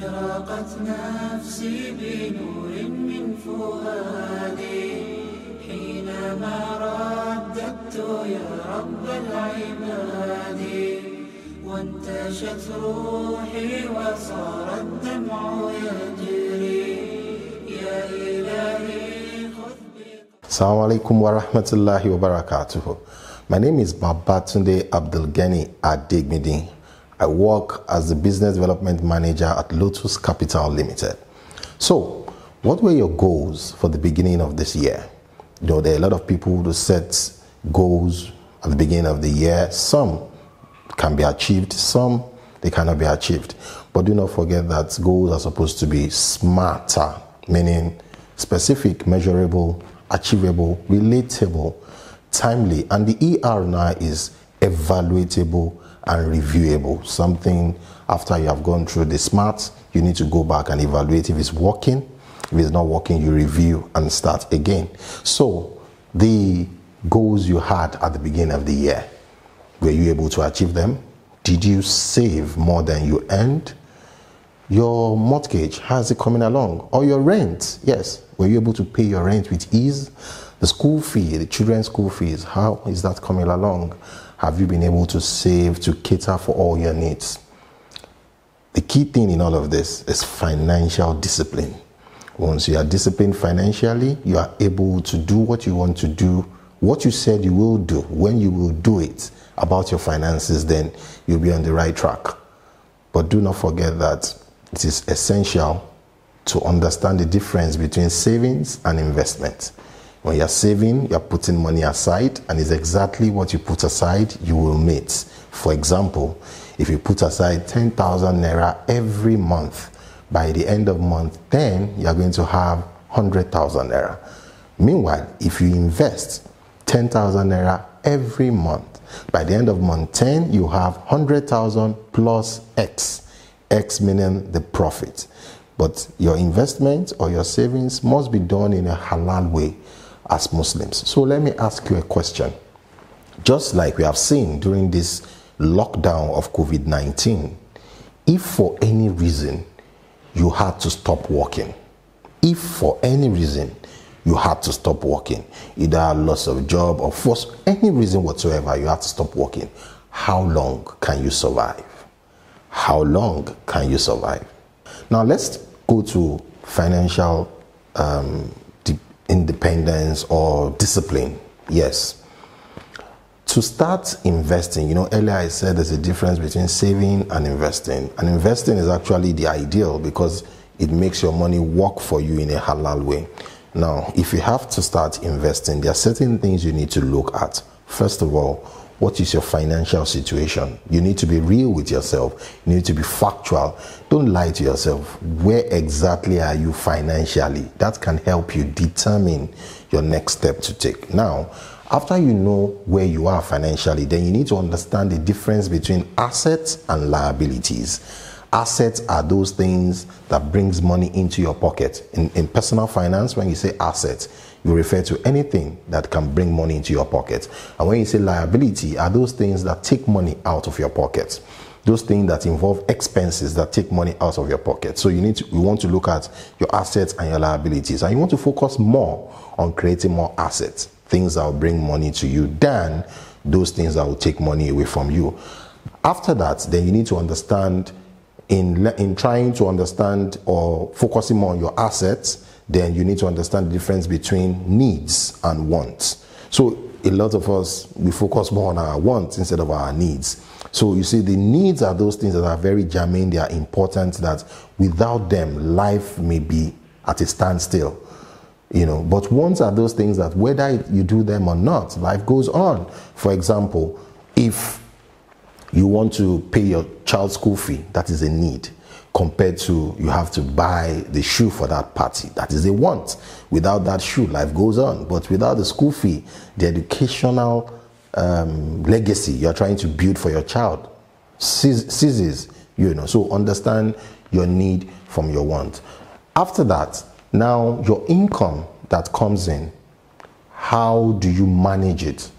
أشرقت نفسي بنور من فؤادي حينما رددت يا رب العباد وانتشت روحي وصار الدمع يجري يا إلهي خذ السلام عليكم ورحمة الله وبركاته My name is Babatunde Abdelgani Adigmidi. I work as the business development manager at Lotus Capital Limited. So, what were your goals for the beginning of this year? You know, there are a lot of people who set goals at the beginning of the year. Some can be achieved, some they cannot be achieved. But do not forget that goals are supposed to be smarter, meaning specific, measurable, achievable, relatable, timely. And the ER now is evaluatable, and reviewable. Something after you have gone through the smart, you need to go back and evaluate if it's working. If it's not working, you review and start again. So the goals you had at the beginning of the year, were you able to achieve them? Did you save more than you earned? Your mortgage, has it coming along? Or your rent? Yes. Were you able to pay your rent with ease? The school fee, the children's school fees, how is that coming along? Have you been able to save to cater for all your needs? The key thing in all of this is financial discipline. Once you are disciplined financially, you are able to do what you want to do, what you said you will do, when you will do it about your finances, then you'll be on the right track. But do not forget that it is essential to understand the difference between savings and investment. When you're saving, you're putting money aside, and it's exactly what you put aside you will meet. For example, if you put aside 10,000 naira every month, by the end of month 10, you're going to have 100,000 naira. Meanwhile, if you invest 10,000 naira every month, by the end of month 10, you have 100,000 plus X, X meaning the profit. But your investment or your savings must be done in a halal way as Muslims. So let me ask you a question. Just like we have seen during this lockdown of COVID 19, if for any reason you had to stop working, if for any reason you had to stop working, either loss of job or for any reason whatsoever, you had to stop working, how long can you survive? How long can you survive? Now let's go to financial um, independence or discipline. Yes. To start investing, you know, earlier I said there's a difference between saving and investing. And investing is actually the ideal because it makes your money work for you in a halal way. Now, if you have to start investing, there are certain things you need to look at. First of all, what is your financial situation? You need to be real with yourself. You need to be factual. Don't lie to yourself. Where exactly are you financially? That can help you determine your next step to take. Now, after you know where you are financially, then you need to understand the difference between assets and liabilities. Assets are those things that brings money into your pocket. In, in personal finance, when you say assets, you refer to anything that can bring money into your pocket. And when you say liability, are those things that take money out of your pocket. Those things that involve expenses that take money out of your pocket. So you need to, you want to look at your assets and your liabilities, and you want to focus more on creating more assets, things that will bring money to you, than those things that will take money away from you. After that, then you need to understand in in trying to understand or focusing more on your assets then you need to understand the difference between needs and wants. So a lot of us we focus more on our wants instead of our needs. So you see, the needs are those things that are very germane, they are important that without them, life may be at a standstill. You know, but wants are those things that whether you do them or not, life goes on. For example, if you want to pay your child's school fee, that is a need compared to you have to buy the shoe for that party. That is a want. Without that shoe, life goes on. But without the school fee, the educational um, legacy you're trying to build for your child ceases. You know, so understand your need from your want. After that, now your income that comes in, how do you manage it?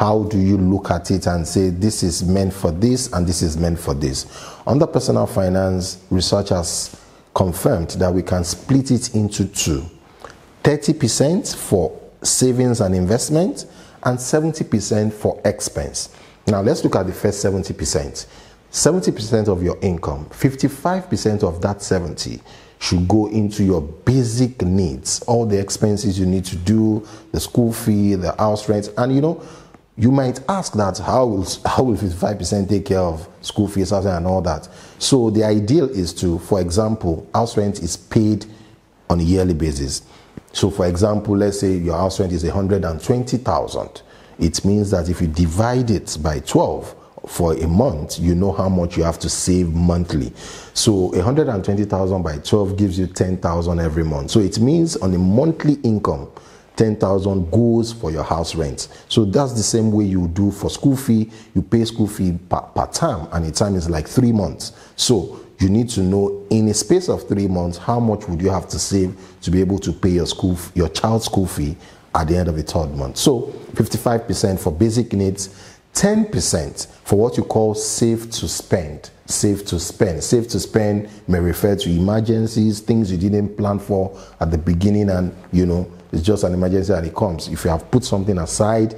How do you look at it and say this is meant for this and this is meant for this? Under personal finance, research has confirmed that we can split it into two 30% for savings and investment, and 70% for expense. Now, let's look at the first 70%. 70% of your income, 55% of that 70 should go into your basic needs, all the expenses you need to do, the school fee, the house rent, and you know, you might ask that how will how will 55% take care of school fees and all that? So the ideal is to, for example, house rent is paid on a yearly basis. So for example, let's say your house rent is 120,000. It means that if you divide it by 12 for a month, you know how much you have to save monthly. So 120,000 by 12 gives you 10,000 every month. So it means on a monthly income, 10,000 goes for your house rent. So that's the same way you do for school fee. You pay school fee per, per term and a term is like three months. So you need to know in a space of three months, how much would you have to save to be able to pay your school, your child's school fee at the end of the third month. So 55% for basic needs, 10% for what you call save to spend. Save to spend. Save to spend may refer to emergencies, things you didn't plan for at the beginning and, you know, it's just an emergency and it comes. If you have put something aside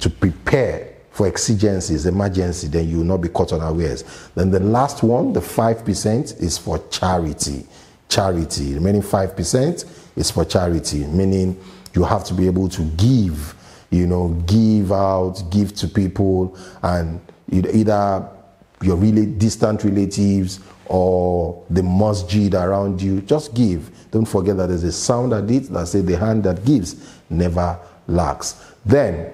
to prepare for exigencies, emergency, then you will not be caught unawares. Then the last one, the 5%, is for charity. Charity. The remaining 5% is for charity, meaning you have to be able to give, you know, give out, give to people, and either your really distant relatives or the masjid around you. Just give. Don't forget that there's a sound at it that says the hand that gives never lacks. Then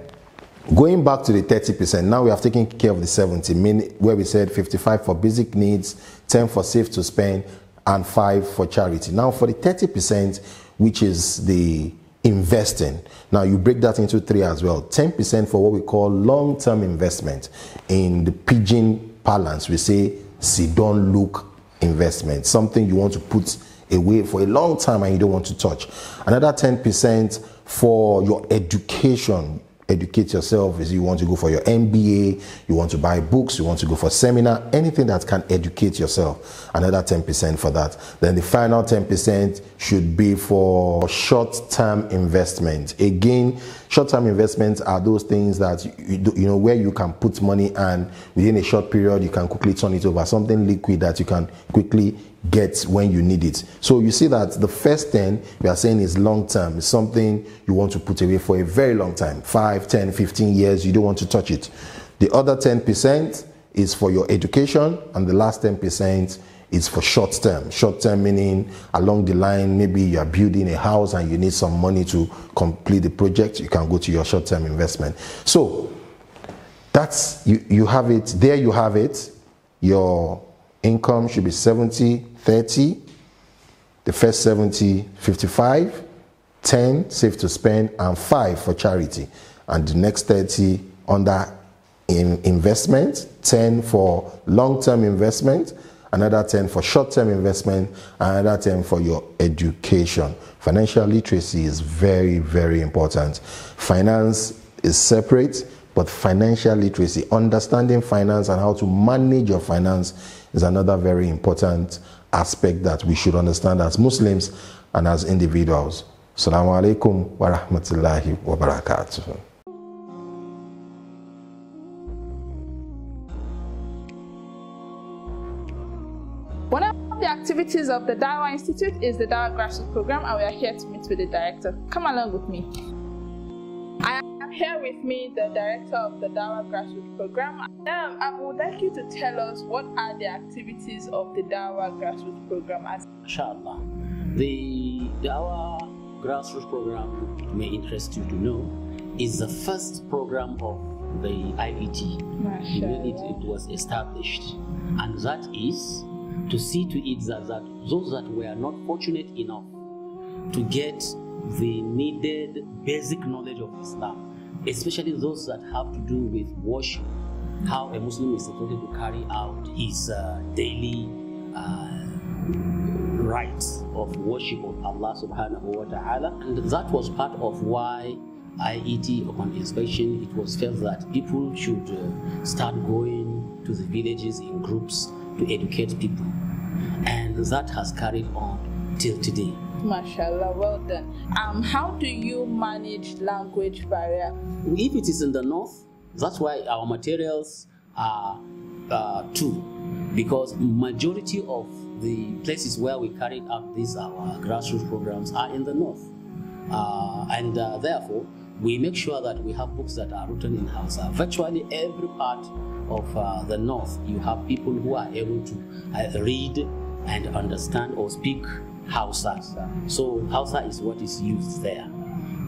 going back to the 30%, now we have taken care of the 70 where we said 55 for basic needs, 10 for safe to spend, and 5 for charity. Now for the 30%, which is the investing. Now you break that into three as well. 10% for what we call long-term investment. In the pigeon parlance, we say see, don't look investment, something you want to put away for a long time and you don't want to touch. Another 10% for your education, educate yourself is you want to go for your MBA, you want to buy books, you want to go for seminar, anything that can educate yourself. Another 10% for that. Then the final 10% should be for short-term investment. Again, short-term investments are those things that you, do, you know where you can put money and within a short period you can quickly turn it over, something liquid that you can quickly get when you need it. So you see that the first 10 we are saying is long term, it's something you want to put away for a very long time 5, 10, 15 years, you don't want to touch it. The other 10% is for your education, and the last 10% is for short term. Short term meaning along the line, maybe you are building a house and you need some money to complete the project, you can go to your short term investment. So that's you, you have it, there you have it, your Income should be 70, 30. The first 70, 55. 10 save to spend and 5 for charity. And the next 30 under in investment, 10 for long-term investment, another 10 for short-term investment, another 10 for your education. Financial literacy is very, very important. Finance is separate, but financial literacy, understanding finance and how to manage your finance is another very important aspect that we should understand as Muslims and as individuals. Assalamu alaikum wa rahmatullahi wa barakatuh. One of the activities of the Dawah Institute is the Dawah Grassroots Program and we are here to meet with the director. Come along with me. I here with me, the director of the Dawa Grassroots Program. Um, I would like you to tell us what are the activities of the Dawa Grassroots Program. Inshallah. The Dawa Grassroots Program may interest you to know is the first program of the IVT when it, it was established, and that is to see to it that, that those that were not fortunate enough to get the needed basic knowledge of Islam especially those that have to do with worship, how a Muslim is supposed to carry out his uh, daily uh, rites of worship of Allah subhanahu wa ta'ala. And that was part of why IET, upon inspection, it was felt that people should uh, start going to the villages in groups to educate people. And that has carried on till today. Mashallah, well done. Um, how do you manage language barrier? If it is in the north, that's why our materials are uh, two, because majority of the places where we carried out these our grassroots programs are in the north, uh, and uh, therefore we make sure that we have books that are written in Hausa. Uh, virtually every part of uh, the north, you have people who are able to uh, read and understand or speak Hausa. So Hausa is what is used there.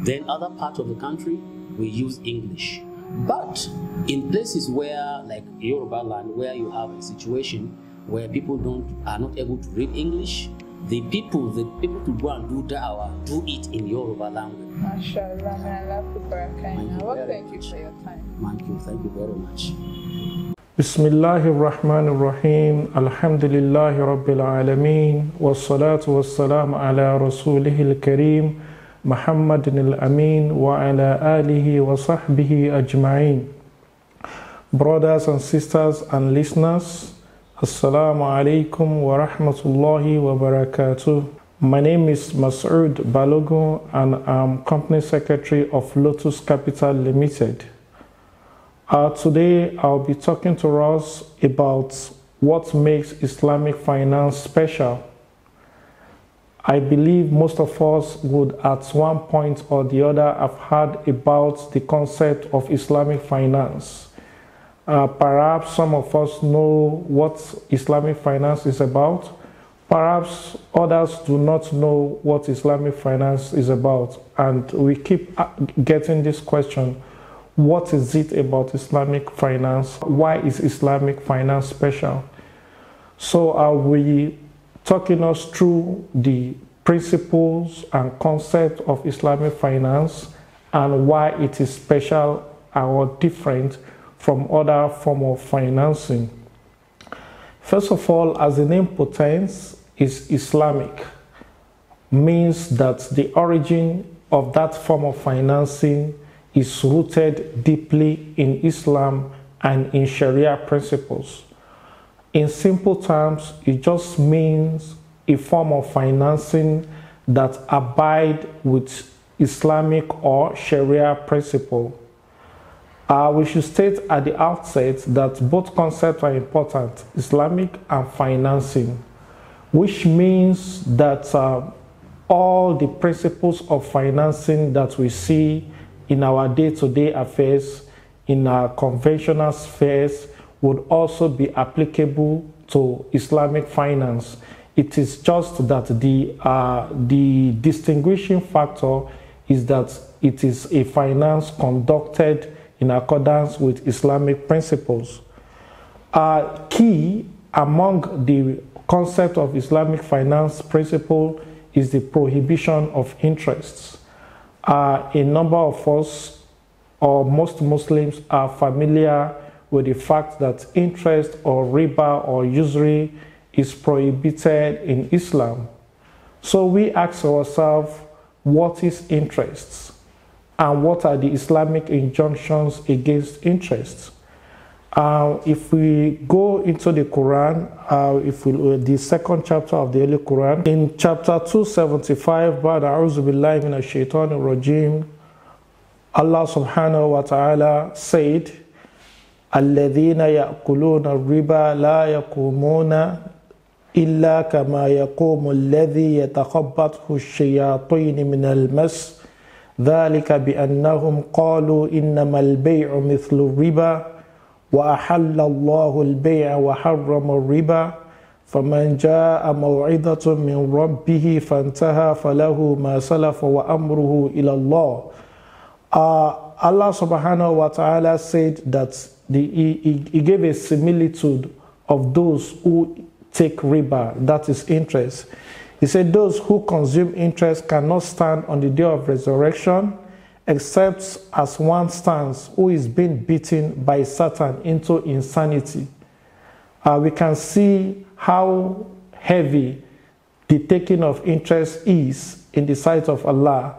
Then other parts of the country, we use English. But in places where, like Yoruba land, where you have a situation where people don't are not able to read English, the people, the people to go and do dawa, do it in Yoruba language. MashaAllah, may Allah Thank you for your time. Thank you, thank you very much. بسم الله الرحمن الرحيم الحمد لله رب العالمين والصلاة والسلام على رسوله الكريم محمد الأمين وعلى آله وصحبه أجمعين Brothers and sisters and listeners السلام عليكم ورحمة الله وبركاته My name is Masoud Balogun and I'm company secretary of Lotus Capital Limited. Uh, today, I'll be talking to us about what makes Islamic finance special. I believe most of us would, at one point or the other, have heard about the concept of Islamic finance. Uh, perhaps some of us know what Islamic finance is about. Perhaps others do not know what Islamic finance is about. And we keep uh, getting this question what is it about Islamic finance? Why is Islamic finance special? So are we talking us through the principles and concept of Islamic finance and why it is special or different from other form of financing. First of all, as the name portends, is Islamic means that the origin of that form of financing is rooted deeply in Islam and in Sharia principles. In simple terms, it just means a form of financing that abide with Islamic or Sharia principle. Uh, we should state at the outset that both concepts are important, Islamic and financing, which means that uh, all the principles of financing that we see in our day to day affairs, in our conventional spheres, would also be applicable to Islamic finance. It is just that the, uh, the distinguishing factor is that it is a finance conducted in accordance with Islamic principles. Uh, key among the concept of Islamic finance principle is the prohibition of interests. Uh, a number of us, or most Muslims, are familiar with the fact that interest or riba or usury is prohibited in Islam. So we ask ourselves, what is interest? And what are the Islamic injunctions against interest? Uh, if we go into the Quran, uh, if we uh, the second chapter of the early Quran, in chapter 275, the in a shaitan al-Rajim, Allah subhanahu wa ta'ala said, الذين يأكلون الربا لا يقومون إلا كما يقوم الذي يتخبطه الشياطين من المس ذلك بأنهم قالوا إنما البيع مثل الربا وأحل الله البيع وحرم الربا فمن جاء موعظة من ربه فانتهى فله ما سلف وأمره إلى الله uh, Allah subhanahu wa ta'ala said that the, he, he gave a similitude of those who take riba, that is interest. He said, Those who consume interest cannot stand on the day of resurrection, except as one stands who is being beaten by Satan into insanity. Uh, we can see how heavy the taking of interest is in the sight of Allah.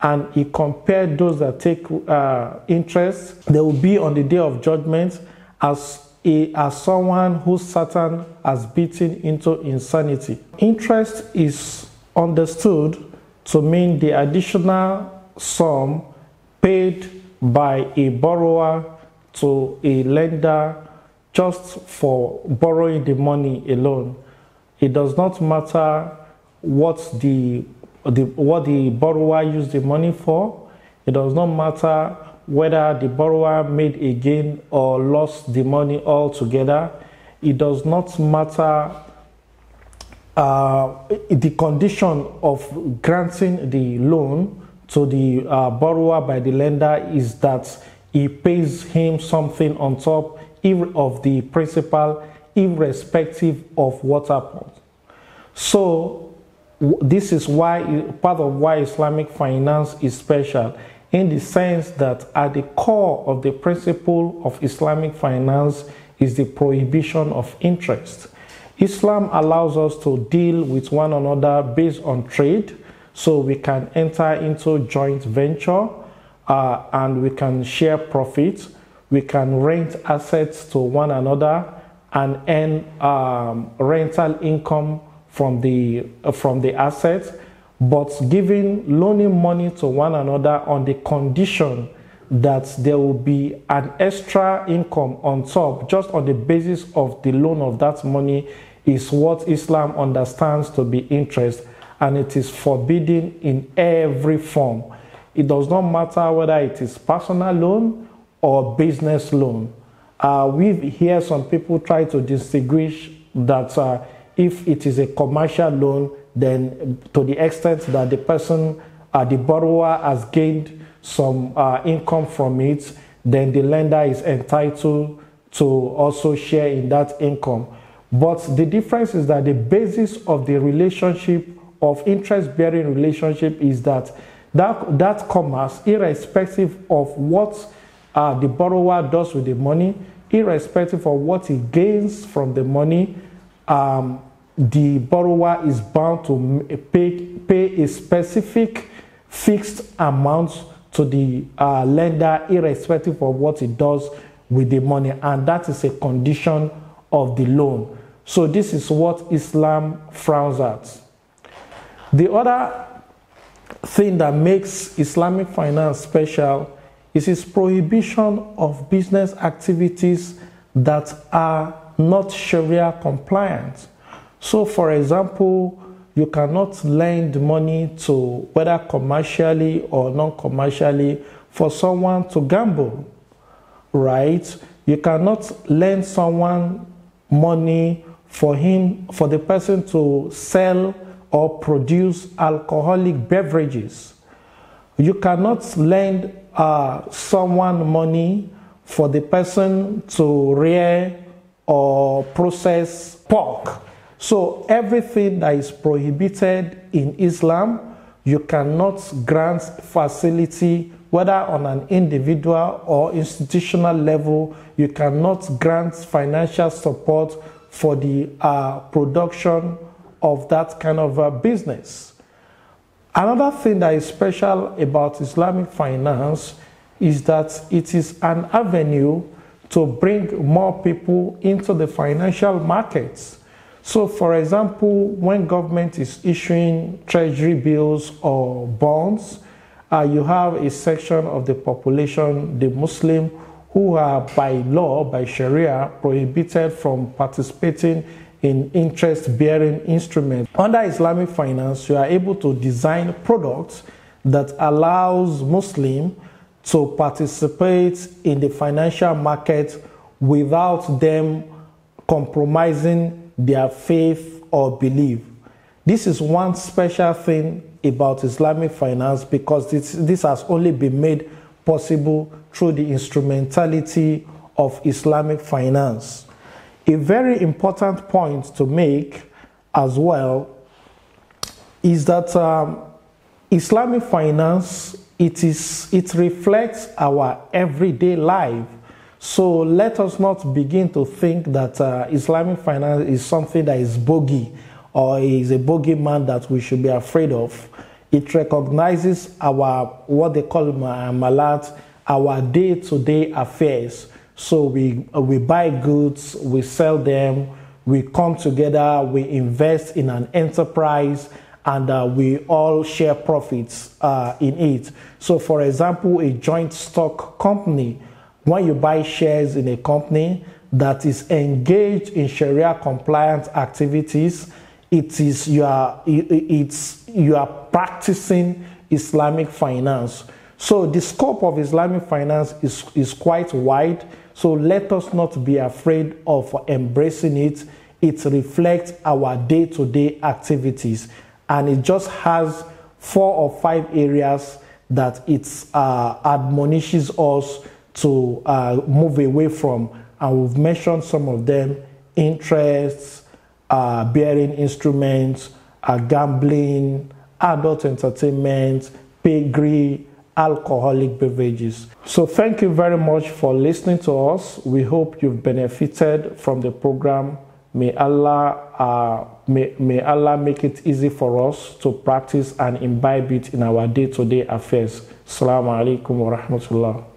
And he compared those that take uh, interest, they will be on the day of judgment as, a, as someone who Satan has beaten into insanity. Interest is understood to mean the additional sum paid by a borrower to a lender just for borrowing the money alone. It does not matter what the, the, what the borrower used the money for. It does not matter whether the borrower made a gain or lost the money altogether. It does not matter uh, the condition of granting the loan to the uh, borrower by the lender is that he pays him something on top of the principal, irrespective of what happened. So, this is why part of why Islamic finance is special in the sense that at the core of the principle of Islamic finance is the prohibition of interest. Islam allows us to deal with one another based on trade, so we can enter into joint venture uh, and we can share profits. We can rent assets to one another and earn um, rental income from the, uh, from the assets. But giving loaning money to one another on the condition that there will be an extra income on top just on the basis of the loan of that money is what Islam understands to be interest and it is forbidden in every form. It does not matter whether it is personal loan or business loan. Uh, we hear some people try to distinguish that uh, if it is a commercial loan, then to the extent that the person, uh, the borrower, has gained some uh, income from it, then the lender is entitled to also share in that income. But the difference is that the basis of the relationship of interest-bearing relationship is that that, that commerce, irrespective of what uh, the borrower does with the money, irrespective of what he gains from the money, um, the borrower is bound to pay, pay a specific fixed amount to the uh, lender, irrespective of what he does with the money, and that is a condition of the loan. So, this is what Islam frowns at. The other thing that makes Islamic finance special is its prohibition of business activities that are not Sharia compliant. So, for example, you cannot lend money to whether commercially or non commercially for someone to gamble, right? You cannot lend someone money for him for the person to sell or produce alcoholic beverages. You cannot lend uh, someone money for the person to rear or process pork. So, everything that is prohibited in Islam, you cannot grant facility, whether on an individual or institutional level, you cannot grant financial support for the uh, production of that kind of uh, business. Another thing that is special about Islamic finance is that it is an avenue to bring more people into the financial markets. So, for example, when government is issuing treasury bills or bonds, uh, you have a section of the population, the Muslim, who are by law, by Sharia, prohibited from participating in interest bearing instruments. Under Islamic finance, you are able to design products that allows Muslim to participate in the financial market without them compromising their faith or belief. This is one special thing about Islamic finance because this, this has only been made possible through the instrumentality of Islamic finance. A very important point to make as well is that um, Islamic finance it is it reflects our everyday life. So let us not begin to think that uh, Islamic finance is something that is bogey or is a bogeyman that we should be afraid of. It recognizes our what they call malat, um, our day-to-day -day affairs. So we, uh, we buy goods, we sell them, we come together, we invest in an enterprise, and uh, we all share profits uh, in it. So, for example, a joint stock company, when you buy shares in a company that is engaged in Sharia compliant activities, it is you are it's you are practicing Islamic finance. So the scope of Islamic finance is, is quite wide So let us not be afraid of embracing it. It reflects our day to day activities and it just has four or five areas that it uh, admonishes us to uh, move away from. And we've mentioned some of them interests, uh, bearing instruments, uh, gambling, adult entertainment, piggery, alcoholic beverages. So, thank you very much for listening to us. We hope you've benefited from the program. May Allah, uh, may, may Allah make it easy for us to practice and imbibe it in our day to day affairs. Assalamu alaikum wa rahmatullah.